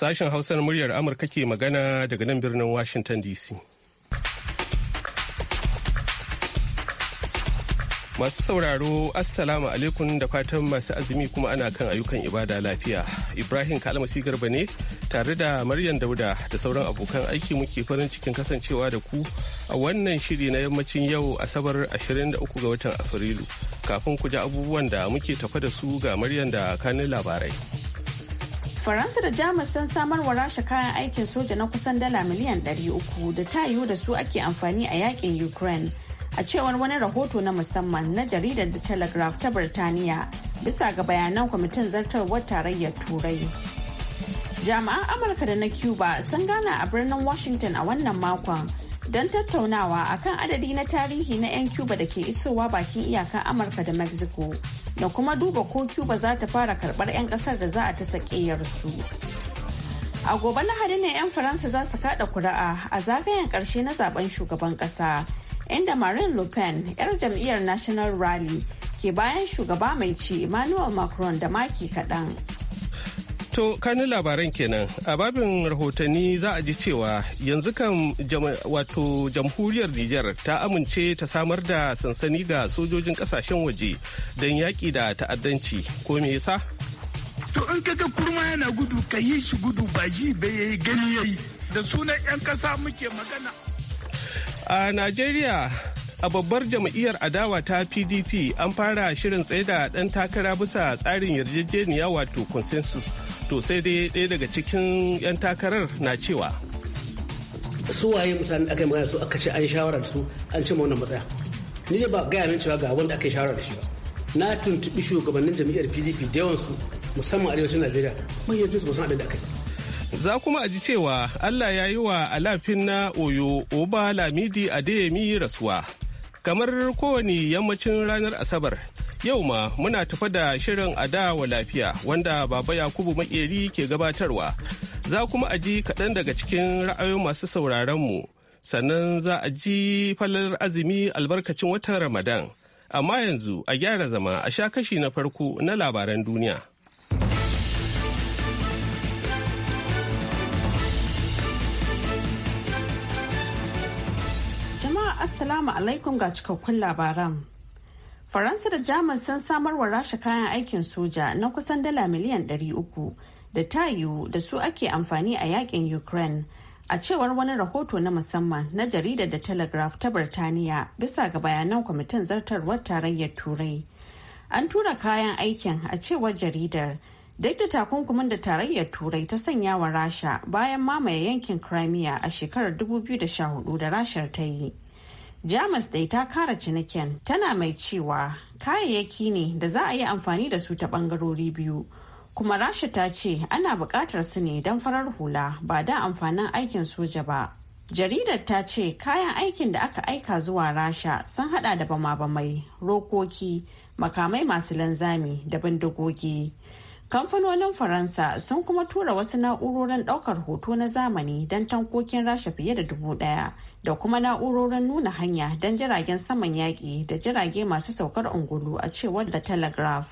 Sashen Hausar muryar Amurka ke magana daga nan birnin Washington DC. Masu sauraro, Assalamu alaikum da fatan masu azumi kuma ana kan ayyukan ibada lafiya. Ibrahim Kalmasi Garba ne tare da Maryam Dauda da sauran abokan aiki muke farin cikin kasancewa da ku a wannan shiri na yammacin yau Asabar 23 ga watan Afrilu. Kafin ku ji abubuwan da muke tafa da su ga Maryam da kanin labarai. Faransa da Jamus sun samar wa rasha kayan aikin soja na kusan dala miliyan 300 da ta yiwu da su ake amfani a yakin Ukraine. A cewar wani rahoto na musamman na jaridar The Telegraph ta Birtaniya bisa ga bayanan kwamitin zartarwar tarayyar Turai. Jami'an Amurka da na Cuba sun gana a birnin Washington a wannan makon don tattaunawa akan adadi na tarihi na 'yan Cuba da ke isowa bakin iyakan Amurka da Mexico da kuma duba ko Cuba za ta fara karɓar 'yan kasar da za a ta su. A gobe Lahadi ne 'yan Faransa za su kaɗa kuri'a a zagayen ƙarshe na zaben shugaban ƙasa, inda Marine Le Pen, 'yar jam'iyyar National Rally, ke bayan shugaba mai ci Emmanuel Macron da maki kaɗan. To kanin labaran kenan a babin rahotanni za a ji cewa yanzu kan wato jamhuriyar Nijar ta amince ta samar da sansani ga sojojin kasashen waje don yaƙi da ta'addanci ko me yasa? To in kaga kurma yana gudu ka yi shi gudu ba ji bai yayi gani yayi da sunan 'yan ƙasa muke magana. A Najeriya a babbar jam'iyyar adawa ta pdp an fara shirin tsaye da dan takara bisa tsarin yarjejeniya wato consensus to sai dai ɗaya daga cikin 'yan takarar na cewa su waye misali aka yi magana su aka ce an shawarar su an cimma wannan matsaya ni ba gaya min cewa ga wanda aka yi shawarar da shi ba na tuntuɓi shugabannin jam'iyyar pdp da yawansu musamman arewacin najeriya yanzu su ba san abin da aka yi za kuma a ji cewa Allah ya yi wa alafin na Oyo Oba Lamidi Adeyemi rasuwa. kamar kowane yammacin ranar asabar yau ma muna tafa da shirin adawa lafiya wanda baba yakubu makeri ke gabatarwa za kuma a ji kaɗan daga cikin ra'ayoyin masu sauraronmu sannan za a ji falar azumi albarkacin watan ramadan amma yanzu a gyara zama a sha kashi na farko na labaran duniya Assalamu alaikum ga cikakkun labaran. Faransa da Jamus sun samar wa rasha kayan aikin soja na kusan dala miliyan 300 da ta yiwu da su ake amfani a yakin Ukraine. A cewar wani rahoto na musamman na jaridar da Telegraph ta Birtaniya bisa ga bayanan kwamitin zartarwar tarayyar Turai. An tura kayan aikin a cewar jaridar duk da takunkumin da tarayyar Turai ta sanya wa Rasha bayan mamaye yankin Crimea a shekarar 2014 da Rashar ta yi. jamus dai ta kara cinikin tana mai cewa kayayyaki ne da za a yi amfani da su ta bangarori biyu kuma rasha ta ce ana buƙatar su ne don farar hula ba da amfanin aikin soja ba jaridar ta ce kayan aikin da aka aika zuwa rasha sun hada da bama-bamai rokoki makamai masu linzami da bindigogi kamfanonin faransa sun kuma tura wasu na'urorin daukar hoto na zamani don tankokin rasha fiye da dubu daya da kuma na'urorin nuna hanya don jiragen saman yaƙi da jirage masu saukar ungulu a cewar da telegraph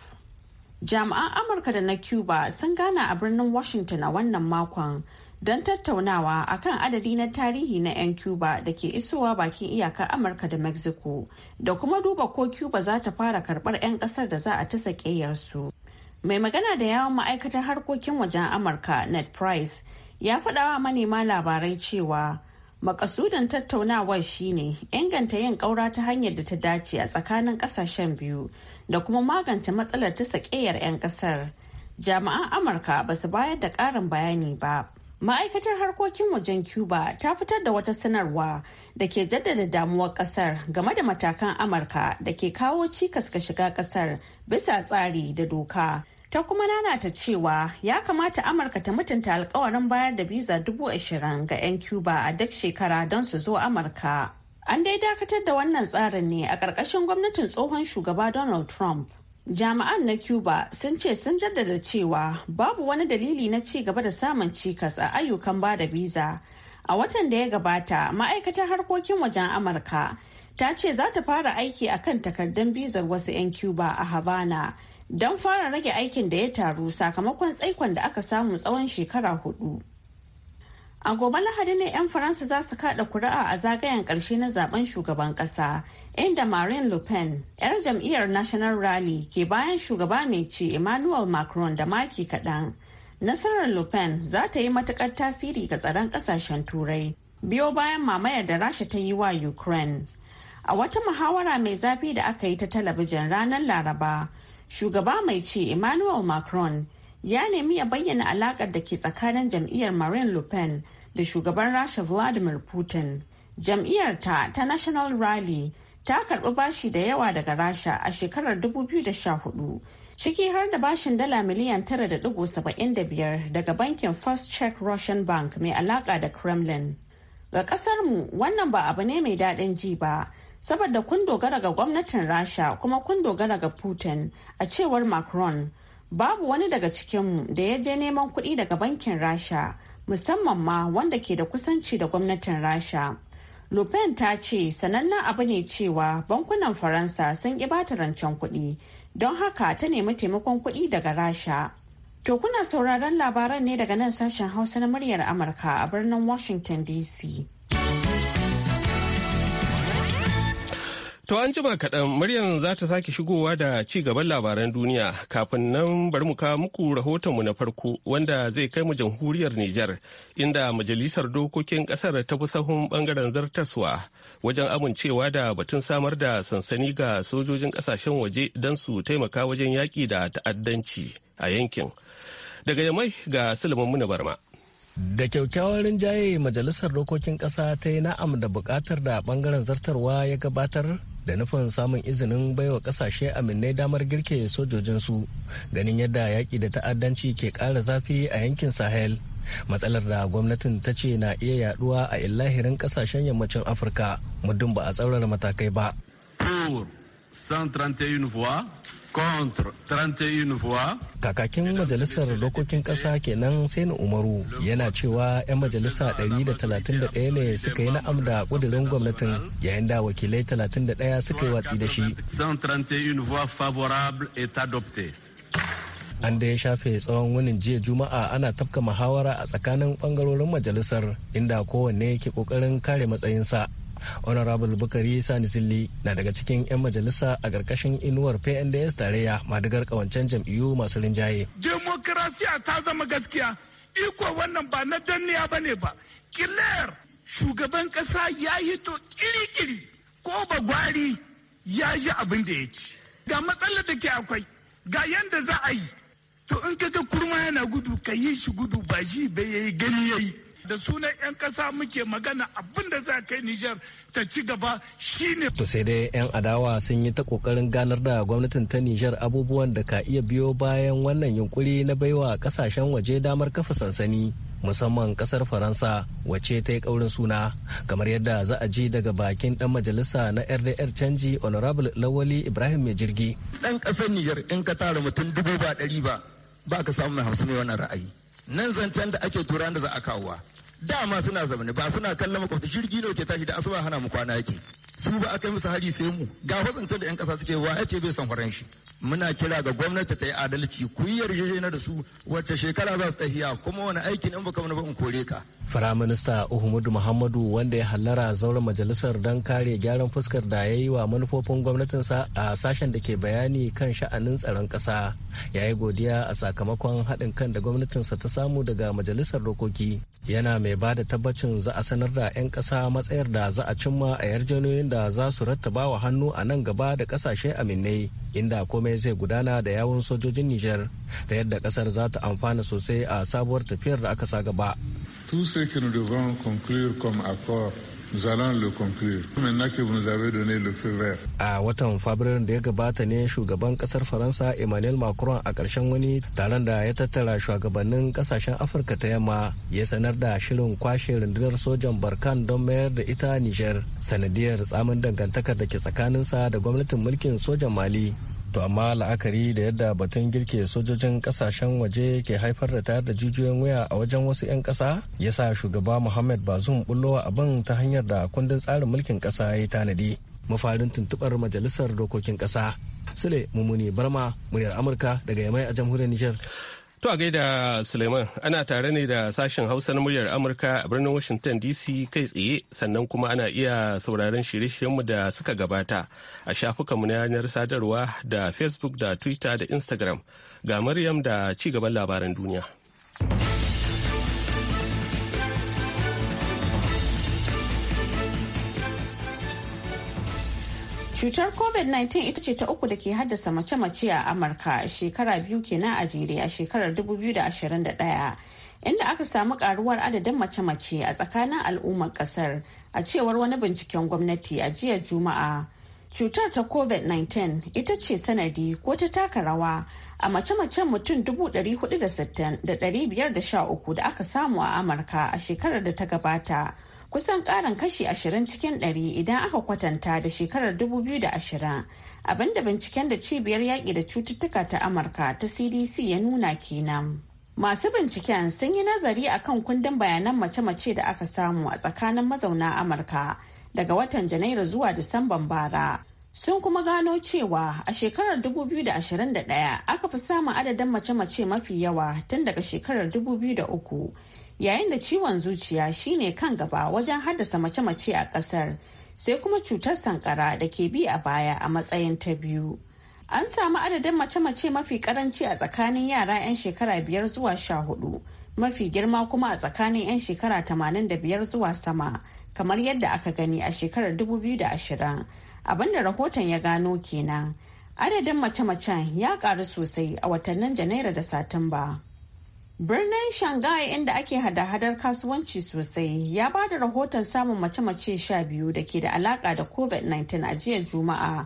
jami'an amurka da na cuba sun gana a birnin washington a wannan makon don tattaunawa akan adadi na tarihi na 'yan cuba da ke isowa bakin iyakar amurka da mexico da kuma duba ko cuba za ta fara karbar 'yan kasar da za a ta su mai magana da yawon ma'aikatar harkokin wajen amurka ned price ya faɗawa manema labarai cewa makasudin tattaunawar shine inganta yin ƙaura ta hanyar da ta dace a tsakanin ƙasashen biyu da kuma magance matsalar ta sakeyar 'yan ƙasar jami'an amurka ba su bayar da ƙarin bayani ba ma'aikatar harkokin wajen cuba ta fitar da wata sanarwa da ke jaddada damuwar kasar game da matakan amurka da ke kawo cikas ga shiga kasar bisa tsari da doka ta kuma nanata cewa ya kamata amurka ta mutunta alkawarin bayar da biza dubu ashirin ga 'yan cuba a duk shekara don su zo amurka an dai dakatar da wannan tsarin ne a ƙarƙashin gwamnatin tsohon shugaba donald trump jami'an na cuba sun ce sun jaddada cewa babu wani dalili na ci gaba da samun cikas a ayyukan ba da biza a watan da ya gabata ma'aikatar harkokin wajen amurka ta ce za ta fara aiki a kan takardun bizar wasu 'yan cuba a havana don fara rage aikin da ya taru sakamakon tsaikon da aka samu tsawon shekara hudu a gobe lahadi ne 'yan faransa za su kada kuri'a a zagayen karshe na zaben shugaban kasa inda Marine Le Pen, 'yar jam'iyyar National Rally ke bayan shugaba mai ce Emmanuel Macron da maki kaɗan. Nasarar Le Pen za ta yi matuƙar tasiri ga tsaron ƙasashen Turai, biyo bayan mamayar da Rasha ta yi wa Ukraine. A wata muhawara mai zafi da aka yi ta talabijin ranar Laraba, shugaba mai ce Emmanuel Macron ya nemi ya bayyana alaƙar da ke tsakanin jam'iyyar Marine Le Pen da shugaban Rasha Vladimir Putin. Jam'iyyar ta ta National Rally ta karbi bashi da yawa daga rasha a shekarar 2014 ciki har da bashin dala miliyan 9.75 daga bankin first check russian bank mai alaka da kremlin ga kasarmu wannan ba abu ne mai daɗin ji ba saboda kun dogara ga gwamnatin rasha kuma kun dogara ga putin a cewar macron babu wani daga cikinmu da ya je neman kuɗi daga bankin rasha musamman ma wanda ke da kusanci da gwamnatin rasha Lupin ta ce sanannen abu ne cewa bankunan Faransa sun ƙi bata rancen kuɗi, don haka ta nemi taimakon kuɗi daga Rasha. To kuna sauraron labaran ne daga nan sashen Hausa na muryar Amurka a birnin Washington DC. To an jima kaɗan Maryam za ta sake shigowa da ci gaban labaran duniya kafin nan bari mu kawo muku rahotonmu na farko wanda zai kai mu jamhuriyar Nijar inda majalisar dokokin ƙasar ta fi sahun ɓangaren zartaswa wajen amincewa da batun samar da sansani ga sojojin ƙasashen waje don su taimaka wajen yaƙi da ta'addanci a yankin. Daga Yamai ga Sulaiman Muna Barma. da kyaukyawar rinjaye majalisar dokokin ƙasa ta yi na'am da bukatar da ɓangaren zartarwa ya gabatar da nufin samun izinin baiwa kasashe aminai damar girke sojojinsu ganin yadda yaƙi da ta'addanci ke ƙara zafi a yankin sahel matsalar da gwamnatin ta ce na iya yaduwa a illahirin kasashen yammacin afirka muddin ba a tsaurara matakai ba contre 31 voix. Kakakin majalisar dokokin ƙasa kenan sai na Umaru yana cewa 'yan majalisa 131 ne suka yi na'am da ƙudurin gwamnatin yayin da wakilai 31 suka yi watsi da shi. an da ya shafe tsawon wani jiya juma'a ana tafka muhawara a tsakanin bangarorin majalisar inda kowanne ke kokarin kare matsayinsa honorable bukari sani zilli na daga cikin 'yan majalisa a ƙarƙashin inuwar pnds tarayya madigar ƙawancen jam'iyyu masu rinjaye demokrasiya ta zama gaskiya iko wannan ba na danniya ba ne ba kilayar shugaban ƙasa ya yi to kiri-kiri ko bagwari ya ji abin da ya ci ga matsalar da ke akwai ga yanda za a yi to in ga kurma yana gudu ka yi shi gudu ba ji bai yayi gani yayi da sunan 'yan ƙasa muke magana abin da za kai Nijar ta ci gaba shine. To sai dai 'yan adawa sun yi ta kokarin ganar da gwamnatin ta Nijar abubuwan da ka iya biyo bayan wannan yunkuri na baiwa kasashen waje damar kafa sansani. musamman kasar faransa wacce ta yi kaurin suna kamar yadda za a ji daga bakin dan majalisa na rdr canji honorable lawali ibrahim mai jirgi dan kasar niger in ka tara mutum dubu ba dari ba ba ka samu mai hamsin mai ra'ayi nan zancen da ake turan da za a wa. dama suna zamani ba suna kallon makwabta jirgi ne ke tashi da asuba hana mu kwana yake su ba aka musu hari sai mu ga fatsancin da yan kasa suke wa ya ce bai san faran shi muna kira ga gwamnati ta yi adalci ku yi yarjejena da su wacce shekara za su tafiya kuma wani aikin in baka ba in kore ka. Firaminista Uhumudu Muhammadu wanda ya hallara zauren majalisar don kare gyaran fuskar da ya yi wa manufofin gwamnatinsa a sashen da ke bayani kan sha'anin tsaron ƙasa ya yi godiya a sakamakon haɗin kan da gwamnatinsa ta samu daga majalisar dokoki yana mai ba da tabbacin za a sanar da 'yan ƙasa matsayar da za a cimma a yarjejeniyoyin da za su rattaba wa hannu a nan gaba da ƙasashe aminai inda komai ya zai gudana da yawon sojojin Nijar ta yadda kasar za ta amfana sosai a sabuwar tafiyar da aka sa gaba. A watan Fabrairu da ya gabata ne shugaban kasar Faransa Emmanuel Macron a ƙarshen wani taron da ya tattara shugabannin kasashen Afirka ta yamma ya sanar da shirin kwashe rundunar sojan Barkan don mayar da ita nijar sanadiyar tsamin dangantakar da ke tsakaninsa da gwamnatin mulkin sojan Mali. to amma la'akari da yadda batun girke sojojin kasashen waje ke haifar da tayar da jijiyoyin wuya a wajen wasu 'yan kasa ya sa shugaba muhammad bazum bullowa abin ta hanyar da kundin tsarin mulkin kasa ya tanadi mafarin tuntubar majalisar dokokin kasa sule mummuni barma muryar amurka daga yamai a jamhuriyar niger. To a gaida Suleiman ana tare ne da sashen Hausa na muryar Amurka a birnin Washington DC kai tsaye sannan kuma ana iya sauraron shirye-shiryenmu da suka gabata a shafukanmu na yanar sadarwa da Facebook da Twitter da Instagram ga Maryam da ci gaban labaran duniya. Cutar COVID-19 ita ce ta uku da ke haddasa mace-mace a Amurka shekara biyu kenan a jere a shekarar 2021. Inda aka samu karuwar adadin mace-mace a tsakanin al'ummar kasar a cewar wani binciken gwamnati a jiya Juma'a. Cutar ta COVID-19 ita ce sanadi ko ta taka rawa a mace-macen mutum da uku da aka samu a Amurka a shekarar da ta gabata. kusan karin kashi 20 cikin 100 idan aka kwatanta da shekarar 2020 abinda binciken da cibiyar yaƙi da cututtuka ta amurka ta cdc ya nuna kenan masu binciken sun yi nazari a kan kundin bayanan mace-mace da aka samu a tsakanin mazauna amurka daga watan janairu zuwa disamban bara sun kuma gano cewa a shekarar 2021 aka fi samun adadin mace-mace mafi yawa tun daga shekarar 2003 yayin da ciwon zuciya shine kan gaba wajen haddasa mace-mace a kasar sai kuma cutar sankara da ke bi a baya a matsayin ta biyu an samu adadin mace-mace mafi karanci a tsakanin yara 'yan shekara biyar zuwa sha hudu mafi girma kuma a tsakanin 'yan shekara tamanin da biyar zuwa sama kamar yadda aka gani a shekarar dubu biyu da ashirin abinda rahoton ya gano kenan adadin mace-macen ya karu sosai a watannin janairu da satumba. Birnin Shanghai inda ake hada-hadar kasuwanci sosai ya ba da rahoton samun mace-mace sha biyu da ke da alaka da COVID-19 a jiya Juma'a.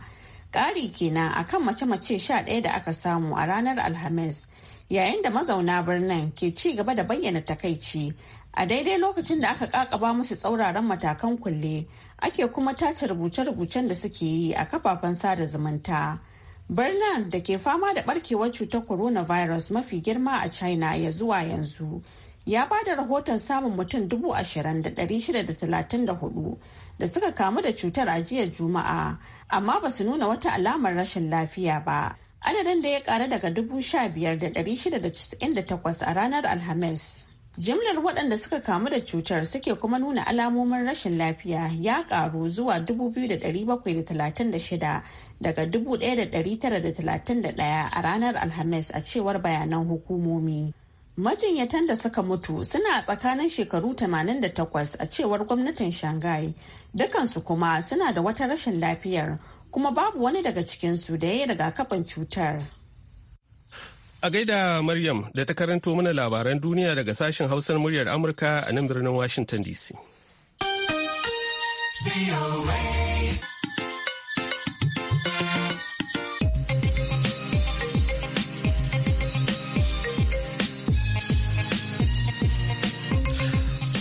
Ƙari kenan akan mace-mace sha ɗaya da aka samu a ranar Alhamis, yayin da mazauna birnin ke ci gaba da bayyana takaici a daidai lokacin da aka kakaba musu tsauraran matakan kulle ake kuma tace rubuce-rubucen da suke yi a kafafen sada zumunta. Birnin da ke fama da barkewar cutar coronavirus mafi girma a China ya zuwa yanzu ya ba da rahoton samun mutum 20,634 da suka kamu da cutar a jiya Juma'a, amma ba su nuna wata alamar rashin lafiya ba. Adadin da ya ƙara daga 15,698 a ranar Alhamis. Jimlar waɗanda suka kamu da cutar suke kuma nuna alamomin rashin lafiya ya ƙaru zuwa 2,736 daga 1931 a ranar Alhamis a cewar bayanan hukumomi. Majinyatan da suka mutu suna tsakanin shekaru 88 a cewar gwamnatin Shanghai, dukansu kuma suna da wata rashin lafiyar kuma babu wani daga cikinsu da ya yi rigakafin cutar. A gaida Maryam da ta karanto mana labaran duniya daga sashen hausar muryar Amurka a nan birnin Washington DC.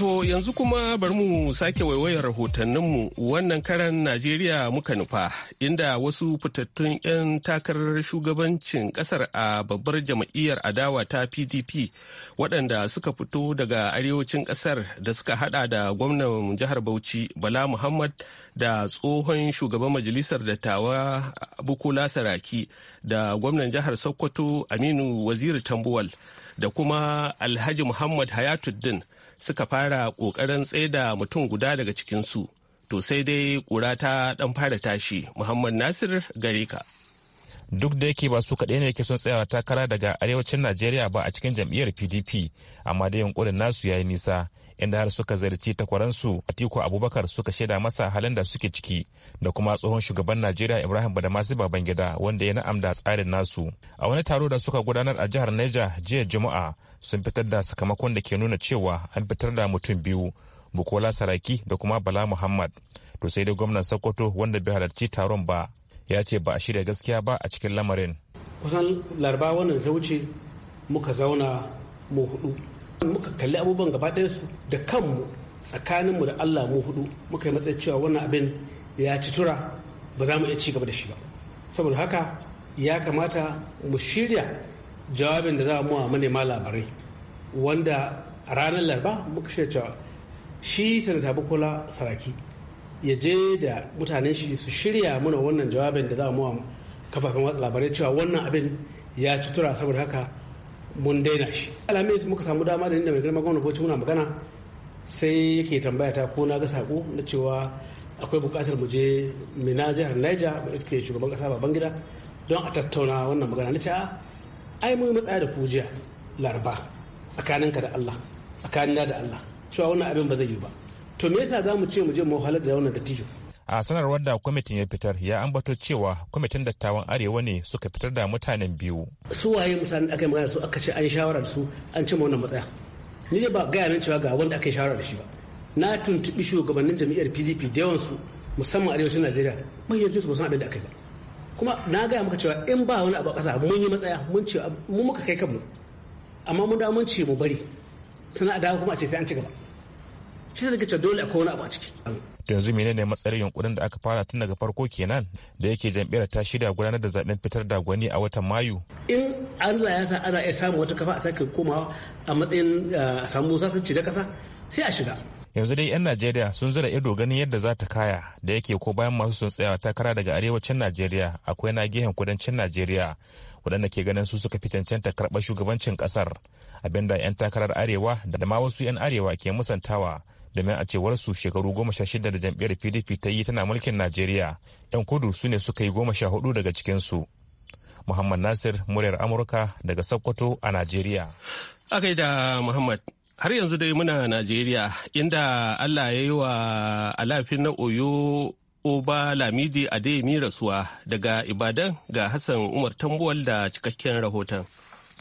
To yanzu kuma bari mu sake waiwayar rahotanninmu wannan karan Najeriya muka nufa inda wasu fitattun 'yan takarar shugabancin kasar a babbar jam'iyyar adawa ta PDP waɗanda suka fito daga arewacin kasar da suka hada da gwamnan jihar Bauchi Bala Muhammad da tsohon shugaban majalisar dattawa Bukola Saraki da gwamnan jihar Sokoto Aminu Waziri Tambuwal da kuma Alhaji Muhammad Hayatuddin suka fara ƙoƙarin tsaida mutum guda daga cikinsu to sai dai ƙura ta ɗan fara tashi muhammad nasir gare ka duk da yake ba su kaɗai ne ke son tsayawa takara daga arewacin najeriya ba a cikin jam'iyyar pdp amma da yunkurin nasu ya yi nisa inda har suka zarci takwaransu atiku abubakar suka shaida masa halin da suke ciki da kuma tsohon shugaban najeriya ibrahim badamasi babangida wanda ya na'am da tsarin nasu a wani taro da suka gudanar a jihar neja jiya juma'a sun fitar da sakamakon da ke nuna cewa an fitar da mutum biyu bukola saraki da kuma bala muhammad to sai dai gwamnan sokoto wanda bai halarci taron ba ya ce ba a shirya gaskiya ba a cikin lamarin kusan laraba wannan ta wuce muka zauna mu hudu muka kalli abubuwan gaba su da kanmu tsakaninmu da allah mu hudu muka yi matsayin cewa wannan abin ya ci tura ba za mu iya ci gaba da shi ba saboda haka ya kamata mu shirya jawabin da za mu wa manema labarai wanda ranar laraba muka shirya cewa shi sanata bukola saraki ya je da mutanen shi su shirya mana wannan jawabin da za mu wa kafafen watsa labarai cewa wannan abin ya ci tura saboda haka mun daina shi alhamis muka samu dama da inda mai girma ko bauchi muna magana sai yake tambaya ta ko na ga sako na cewa akwai bukatar mu je mina jihar naija mu suke shugaban kasa baban gida don a tattauna wannan magana na ce ai mu matsaya da ku jiya laraba tsakaninka da allah tsakanin da allah cewa wannan abin ba zai yi ba to me yasa za mu ce mu je mu halar da wannan dattijo a sanarwar da kwamitin ya fitar ya ambato cewa kwamitin dattawan arewa ne suka fitar da mutanen biyu su waye mutanen aka yi magana su aka ce an shawara da su an cimma wannan matsaya ni dai ba gaya min cewa ga wanda aka yi shawara da shi ba na tuntuɓi shugabannin jam'iyyar pdp da su musamman arewacin najeriya yi su ba san abin da aka yi ba kuma na gaya maka cewa in ba wani abu a ƙasa mun yi matsaya mun ce mu muka kai kanmu amma mun da mun ce mu bari sannan a dawo kuma a ce sai an ci gaba shi ne kace dole akwai wani abu a ciki yanzu menene matsayin yunkurin da aka fara tun daga farko kenan da yake jam'iyyar ta shirya gudanar da zaben fitar da gwani a watan mayu in allah ya sa ana iya samun wata kafa a sake komawa a matsayin eh, a samu sasanci da kasa sai a shiga yanzu dai 'yan najeriya sun zira ido ganin yadda za ta kaya da yake ko bayan masu sun tsayawa takara daga arewacin najeriya akwai na gehen kudancin najeriya waɗanda ke ganin su suka fi cancanta karɓar shugabancin ƙasar abinda 'yan takarar arewa da ma wasu 'yan arewa ke musantawa domin a cewar su shekaru goma sha shida da jam'iyyar pdp ta yi tana mulkin najeriya yan kudu su ne suka yi goma sha hudu daga cikinsu muhammad nasir muryar amurka daga sokoto a najeriya akai da muhammad har yanzu dai muna najeriya inda allah ya yi wa alafin na oyo oba lamidi adeyemi rasuwa daga ibadan ga hassan umar tambuwal da cikakken rahoton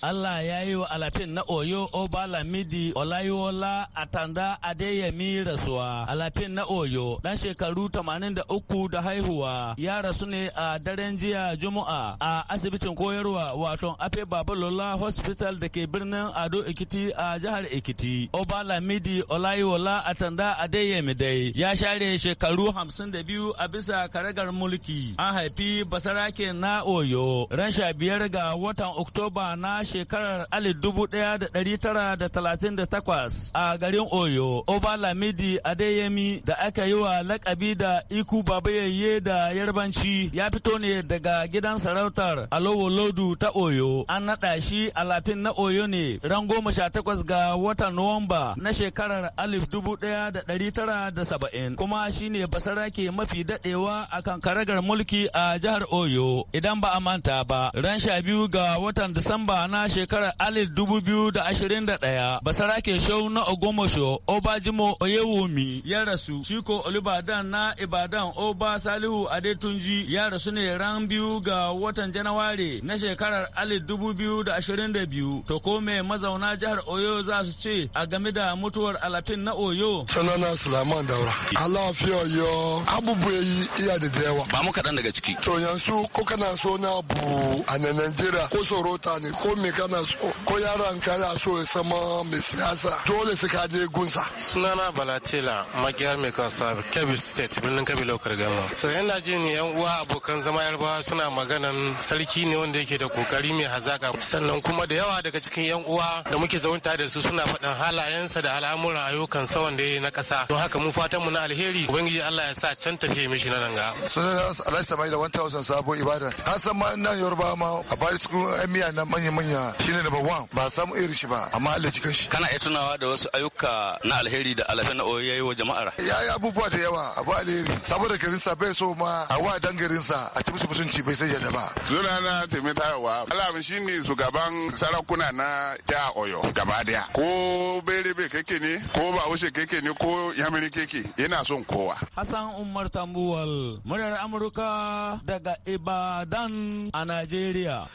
Allah ya yi wa alafin na Oyo Obalamidi Olayiwola Atanda Adeyemi rasuwa. Alafin na Oyo dan shekaru 83 da haihuwa ya rasu ne a daren jiya Juma'a a asibitin koyarwa wato Afe Babalola Hospital da ke birnin Ado Ekiti a jihar Ekiti. Obalamidi Olayiwola Atanda Adeyemi dai ya share shekaru 52 a bisa karagar mulki. An haifi basarake na Oyo ran sha biyar ga watan Oktoba na shekarar 1938 a garin Oyo, Obalamidi Adeyemi da aka yi wa lakabi da Iku babayayye da Yarbanci ya fito ne daga gidan sarautar Alowo ta Oyo. An naɗa shi alafin na Oyo ne ran goma sha takwas ga watan Nuwamba na shekarar 1970 kuma shine ne basarake mafi daɗewa a kankaragar mulki a jihar Oyo. Idan ba a manta ba, ran sha biyu ga watan Disamba na na shekarar alif dubu biyu da ashirin da ɗaya basarake shau na ogomosho obajimo oyewumi ya rasu shiko olubadan na ibadan oba salihu adetunji ya rasu ne ran biyu ga watan janawari na shekarar alif dubu biyu da ashirin da biyu to ko me mazauna jihar oyo za su ce a game da mutuwar alafin na oyo sanana sulaiman daura allah fi oyo abubuwa yi iya da yawa ba mu kaɗan daga ciki to yanzu ko kana so na bu a najeriya ko ta ne ko me ne kana so ko yaron ka ya so ya sama mai siyasa dole su ka je gunsa. Sunana Balatela magiyar mai kasa Kebbi State birnin Kebbi Laukar Gama. To yana ji ne yan uwa abokan zama yarbawa suna maganan sarki ne wanda yake da kokari mai hazaka sannan kuma da yawa daga cikin yan uwa da muke zaunta da su suna faɗin halayensa da al'amuran ayyukan sa wanda ya na ƙasa. Don haka mu fatan mu na alheri ubangiji Allah ya sa can tafiye mishi na nan ga. Sunana Alhaji Samai da 1000 sabo ibada. hasan ma nan Yoruba ma a bari cikin miya na manya duniya shine number one ba samu irin shi ba amma Allah ji kashi kana iya tunawa da wasu ayyuka na alheri da Allah na oyi yayi wa jama'ar yayi abubuwa da yawa abu alheri saboda garinsa bai so ma a wa dan garinsa a ci musu mutunci bai sai da ba zuna na taimi tayawa alam shine gaban sarakuna na ja oyo gaba daya ko berebe keke ne ko ba wuce ne ko yamiri keke yana son kowa hasan Umar Tambuwal muryar Amurka daga Ibadan a Najeriya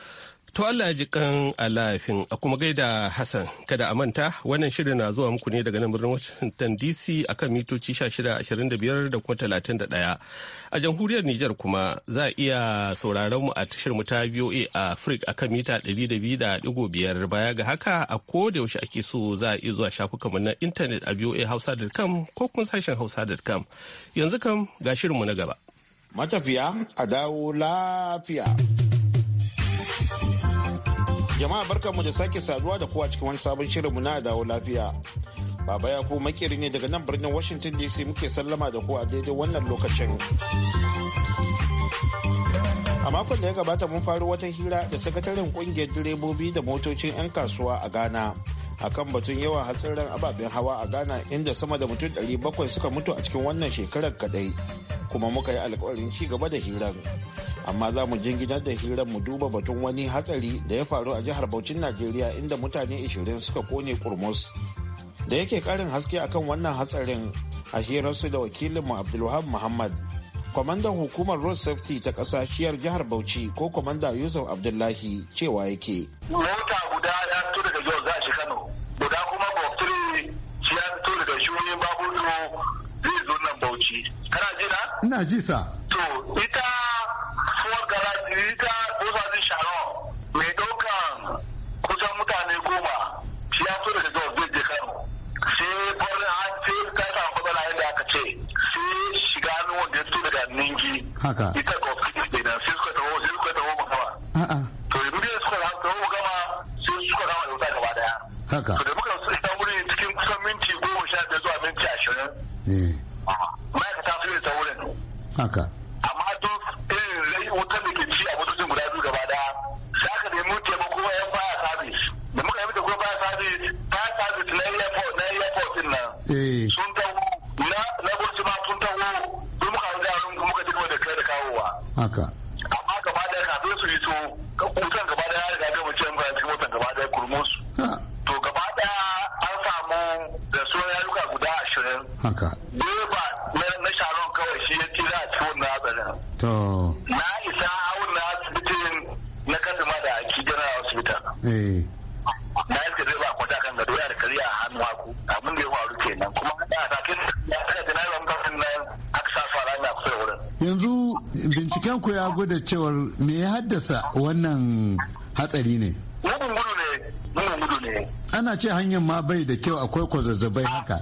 To Allah ji kan alafin a kuma gaida Hassan kada a manta wannan shirin na zuwa muku ne daga nan birnin Washington DC akan mitoci 1625 da kuma 31. A jamhuriyar Nijar kuma za a iya sauraron mu a tashar mu ta a Africa akan mita 200.5 baya ga haka a ko da yaushe ake so za a iya zuwa shafukan mu na intanet a voahausa.com ko kuma sashen hausa.com. Yanzu kam ga shirin mu na gaba. Matafiya a dawo lafiya. Jama'a mu da sake saduwa da kowa cikin wani sabon shirinmu na dawo lafiya. Baba ya ku makeri ne daga nan birnin Washington DC muke sallama da ku a daidai wannan lokacin. A makon da ya gabata mun faru wata hira da sakataren kungiyar direbobi da motocin 'yan kasuwa a Ghana a kan batun yawan hatsarin ababen hawa a ghana inda sama da mutum 700 suka mutu a cikin wannan shekarar kadai kuma muka yi alkawarin ci gaba da hirar amma za mu jingina da hirar mu duba batun wani hatsari da ya faru a jihar Bauchin Najeriya inda mutane 20 suka kone kurmus da yake karin haske akan wannan hatsarin a hirarsu da wakilinmu Abdulwahab Muhammad kwamandan hukumar road safety ta ƙasa jihar Bauchi ko kwamanda Yusuf Abdullahi cewa yake mota guda ya fito daga Jos za Kana ji na? Ina ji sa. duba da cewar me ya haddasa wannan hatsari ne ana ce hanyar ma bai da kyau akwai kwazazzabai haka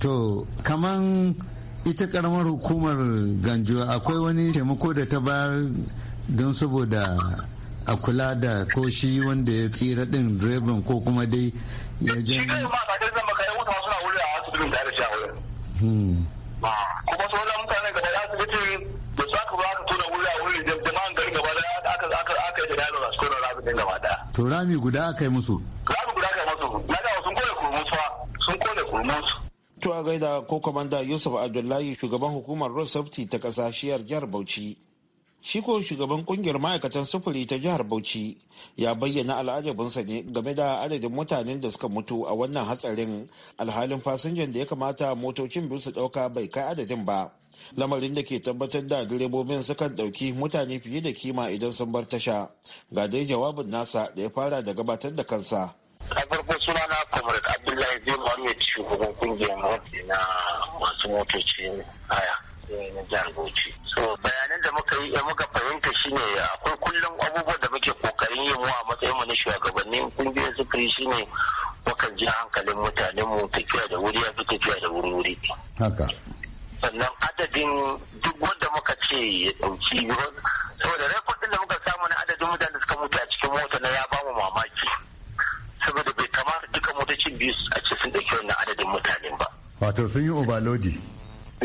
to kaman ita karamar hukumar ganjo akwai wani taimako da ta bayar don saboda a kula da ko shi wanda ya tsira din direban ko kuma dai ya je shi kai ba ta zama kai wuta suna wuri a asibitin da shi a wurin hmm. ah, kuma so da mutane gaba da asibitin da su aka ba aka tona wuri a wuri da jama'an gari gaba da aka aka aka da yaro su kona rami din gaba da to rami guda aka yi musu rami guda aka yi musu na da sun kone kurmus fa sun kone kurmus a gaida ko kwamanda Yusuf Abdullahi shugaban hukumar Road ta kasa shiyar jihar Bauchi. Shi ko shugaban kungiyar ma'aikatan sufuri ta jihar Bauchi ya bayyana al'ajabinsa ne game da adadin mutanen da suka mutu a wannan hatsarin alhalin fasinjan da ya kamata motocin biyu su ɗauka bai kai adadin ba. Lamarin da ke tabbatar da direbobin sukan dauki mutane fiye da kima idan sun bar tasha. Ga dai jawabin nasa da ya fara da gabatar da kansa. a farko suna na comrade abdullahi zai muhammed shugaban kungiyar motsi na masu motocin haya eh, na jihar bauchi so bayanan da muka yi eh, muka fahimta shine akwai kullum abubuwa da muke kokarin yi a matsayin mu na shugabannin kungiyar sufuri shine mukan ji hankalin mutanen mu tafiya da wuri ya fi tafiya da wuri wuri haka sannan adadin duk wanda muka ce ya dauki saboda rekodin da muka samu na adadin mutanen da suka mutu a cikin mota na ya biyu a ce sun ɗauki wannan adadin mutanen ba. Wato sun yi obalodi.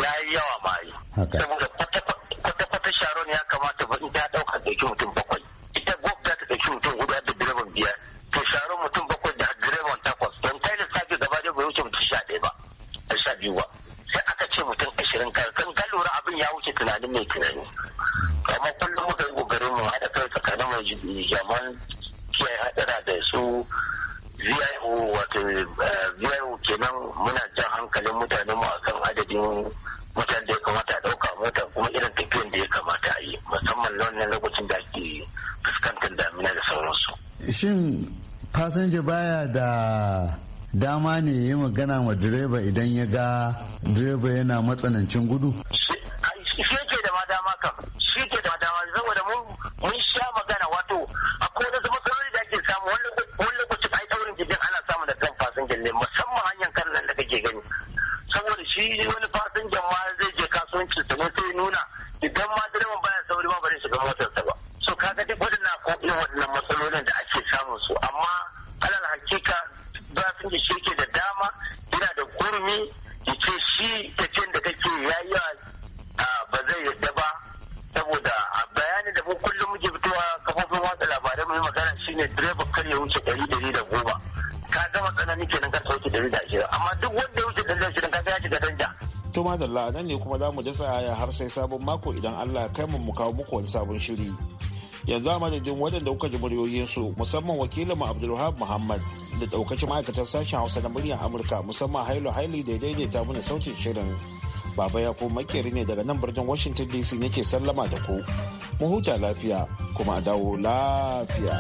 Ya yi yawa ma yi. Saboda kwata-kwata Sharon ya kamata ba in ta ɗauka ɗauki mutum ba musamman na wannan lokacin da ake fuskantar damina da sauransu. Shin fasinja baya da dama ne yi magana ma direba idan ya ga direba yana matsanancin gudu? Allah nan ne kuma za mu dasa aya har sai sabon mako idan Allah ya kai mu kawo muku wani sabon shiri. Yanzu a madadin waɗanda kuka ji muryoyinsu musamman wakilin mu Abdulwahab Muhammad da daukacin ma'aikatar sashen Hausa na muryar Amurka musamman Hailo Haili da daidaita mana sautin shirin. Baba ya ko makeri ne daga nan birnin Washington DC nake sallama da ku. Mu huta lafiya kuma a dawo lafiya.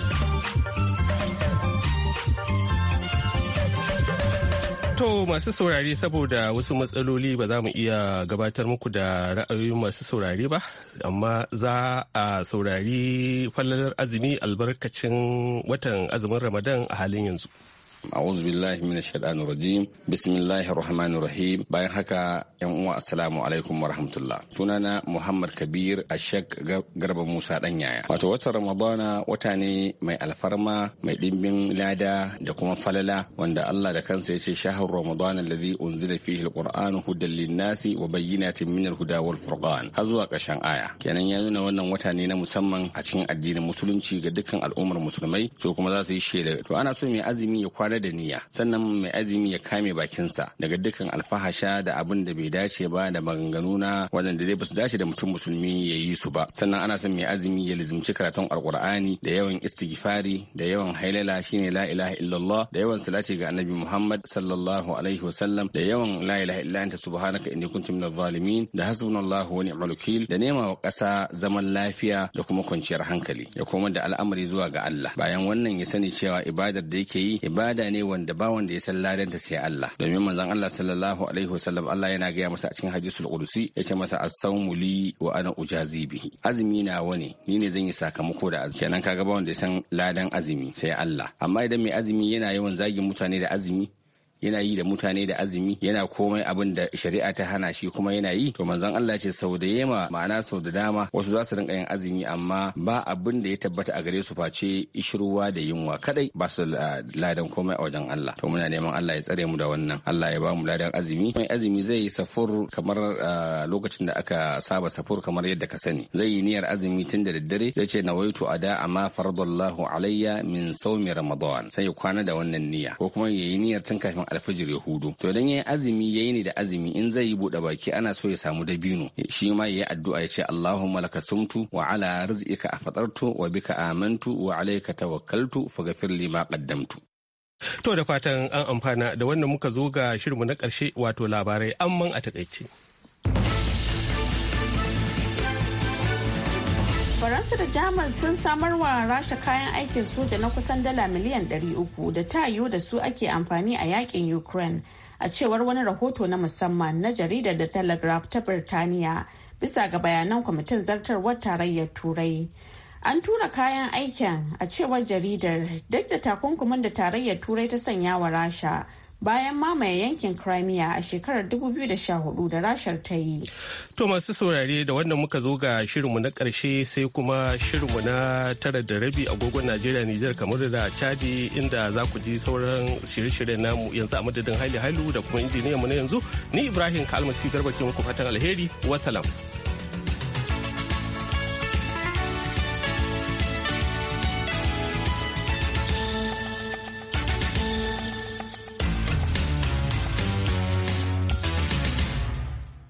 To masu saurari saboda wasu matsaloli ba za mu iya gabatar muku da ra'ayoyin masu saurari ba, amma za a saurari fallalar azumi albarkacin watan azumin Ramadan a halin yanzu. a'udhu billahi minash shaitanir rajim bismillahir rahmanir rahim bayan haka yan uwa assalamu alaikum wa rahmatullah sunana muhammad kabir ashak garba musa dan yaya wato watan ramadana wata ne mai alfarma mai dimbin lada da kuma falala wanda Allah da kansa ya ce shahar ramadana alladhi unzila fihi alqur'anu hudan linnasi wa bayyinatin min alhuda wal furqan har zuwa ƙarshen aya kenan ya nuna wannan wata ne na musamman a cikin addinin musulunci ga dukkan al'ummar musulmai to kuma za su yi shaida to ana so mai azumi ya kwana tare da niyya sannan mai azumi ya kame bakinsa daga dukkan alfahasha da abin da bai dace ba da maganganu na wadanda dai ba su dace da mutum musulmi ya yi su ba sannan ana son mai azumi ya lizimci karatun alkur'ani da yawan istighfari da yawan hailala shine la ilaha illallah da yawan salati ga annabi muhammad sallallahu alaihi wasallam da yawan la ilaha illa anta subhanaka inni kuntu minaz zalimin da hasbunallahu wa ni'mal wakil da nema wa ƙasa zaman lafiya da kuma kwanciyar hankali ya koma da al'amari zuwa ga Allah bayan wannan ya sani cewa ibadar da yake yi ibada ibada ne wanda ba wanda ya san ladan ta sai Allah domin manzon Allah sallallahu alaihi wasallam Allah yana gaya masa a cikin hadisul qudsi yace masa as-sawmu li wa ana ujazi bihi azumi na wani ni ne zan yi sakamako da azumi kenan kaga ba wanda ya san ladan azumi sai Allah amma idan mai azumi yana yawan zagin mutane da azumi yana yi da mutane da azumi yana komai abin da shari'a ta hana shi kuma yana yi to manzon Allah ce sau da yema ma'ana sau da dama wasu za su rinka yin azumi amma ba abin da ya tabbata a gare su face ishirwa da yunwa kadai ba su ah, ladan komai a wajen Allah to muna neman Allah ya tsare mu da wannan Allah ya ba mu ladan azumi mai azumi zai yi safur kamar ah, lokacin da aka saba safur kamar yadda ka sani zai yi niyyar azumi tun da daddare zai ce nawaitu ada amma faradallahu alayya min sawmi ramadan sai ya kwana da wannan niyya ko kuma yayi niyyar tun kafin alfajir ya hudu to idan yayi azumi yayi ne da azumi in zai yi bude baki ana so ya samu dabino shi ma yayi addu'a ya ce Allahumma laka sumtu wa ala rizqika afatartu wa bika amantu wa alayka tawakkaltu faghfir li ma qaddamtu to da fatan an amfana da wannan muka zo ga shirmu na karshe wato labarai amman a takaice faransa da jamus sun samar wa rasha kayan aikin soja na kusan dala miliyan 300 da ta yiwu da su ake amfani a yakin ukraine a cewar wani rahoto na musamman na jaridar da telegraph ta birtaniya bisa ga bayanan kwamitin zartarwar tarayyar turai an tura kayan aikin a cewar jaridar duk da takunkumin da tarayyar turai ta sanya wa rasha bayan mamaye yankin Crimea a shekarar 2014 da rashar ta yi. To masu saurare da wannan muka zo ga shirinmu na ƙarshe sai kuma shirinmu na tara da rabi agogon Najeriya Nijar kamar da Chadi inda za ku ji sauran shirye-shiryen namu yanzu a madadin Haili Hailu da kuma injiniyan mu na yanzu ni Ibrahim Kalmasi Garba ke muku fatan alheri wasalam.